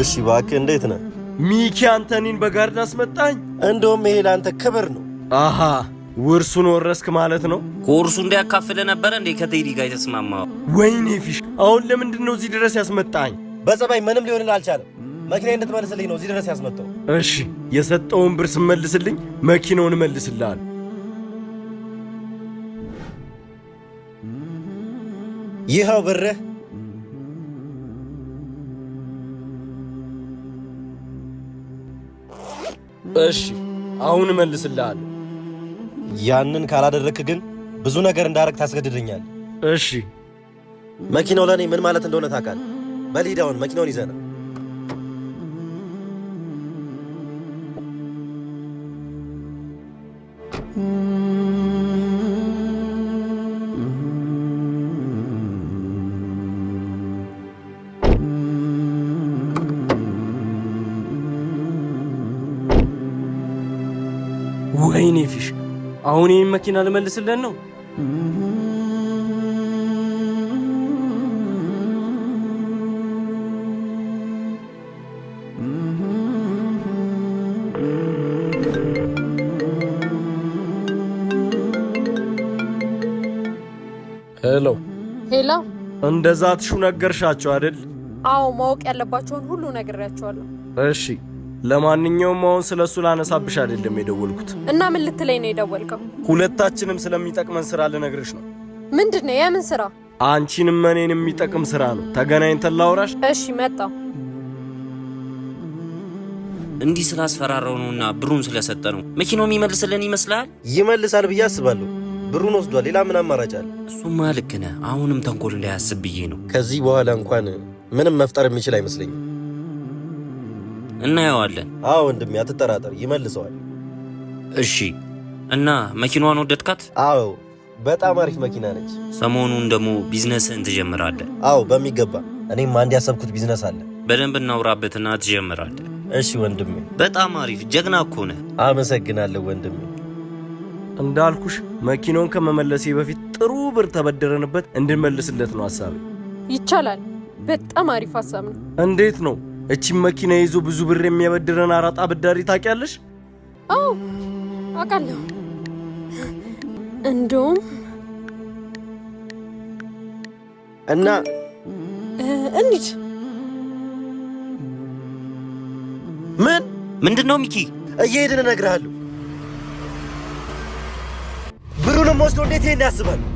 እሺ እባክህ እንዴት ነህ? ሚኪ አንተኒን በጋርድ አስመጣኝ። እንደውም ይሄ ለአንተ ክብር ነው። አሃ ውርሱን ወረስክ ማለት ነው። ከውርሱ እንዲያካፍለ ነበረ እንዴ ከቴዲ ጋር የተስማማ? ወይኔ ፊሽ፣ አሁን ለምንድን ነው እዚህ ድረስ ያስመጣኝ? በጸባይ ምንም ሊሆንልህ አልቻለም። መኪና እንድትመልስልኝ ነው እዚህ ድረስ ያስመጣው። እሺ የሰጠውን ብር ስመልስልኝ መኪናውን እመልስልሃል። ይኸው ብርህ እሺ አሁን እመልስልሃለሁ። ያንን ካላደረክ ግን ብዙ ነገር እንዳረግ ታስገድደኛል። እሺ መኪናው ለእኔ ምን ማለት እንደሆነ ታውቃል። በሊዳውን መኪናውን ይዘና Mm-hmm. ወይኔ ፊሽ! አሁን ይህን መኪና ልመልስለን ነው? ሄሎ ሄሎ፣ እንደዛ ትሹ ነገርሻቸው አይደል? አዎ፣ ማወቅ ያለባቸውን ሁሉ ነግሬያቸዋለሁ። እሺ ለማንኛውም አሁን ስለ እሱ ላነሳብሽ አይደለም የደወልኩት። እና ምን ልትለኝ ነው የደወልከው? ሁለታችንም ስለሚጠቅመን ስራ ልነግርሽ ነው። ምንድን ነው? የምን ስራ? አንቺንም እኔን የሚጠቅም ስራ ነው። ተገናኝተን ላውራሽ። እሺ፣ መጣው። እንዲህ ስላስፈራረው ነውና ብሩን ስለሰጠ ነው። መኪናው የሚመልስልን ይመስላል? ይመልሳል ብዬ አስባለሁ። ብሩን ወስዷል። ሌላ ምን አማራጭ አለ? እሱማ ልክ ነህ። አሁንም ተንኮል እንዳያስብ ብዬ ነው። ከዚህ በኋላ እንኳን ምንም መፍጠር የሚችል አይመስለኝም። እናየዋለን። አዎ ወንድሜ አትጠራጠር፣ ይመልሰዋል። እሺ እና መኪናዋን ወደድካት? አዎ በጣም አሪፍ መኪና ነች። ሰሞኑን ደግሞ ቢዝነስህን ትጀምራለህ? አዎ በሚገባ። እኔም አንድ ያሰብኩት ቢዝነስ አለ። በደንብ እናውራበትና ትጀምራለህ። እሺ ወንድሜ፣ በጣም አሪፍ ጀግና እኮ ነህ። አመሰግናለሁ ወንድሜ። እንዳልኩሽ መኪናውን ከመመለሴ በፊት ጥሩ ብር ተበደረንበት እንድንመልስለት ነው ሀሳብ። ይቻላል። በጣም አሪፍ ሀሳብ ነው። እንዴት ነው እቺም መኪና ይዞ ብዙ ብር የሚያበድረን አራጣ አበዳሪ ታውቂያለሽ? አዎ አውቃለሁ። እንደውም እና እንሂድ። ምን ምንድን ነው ሚኪ? እየሄድን እነግርሃለሁ። ብሩንም ወስዶ እንዴት ይሄን ያስባል?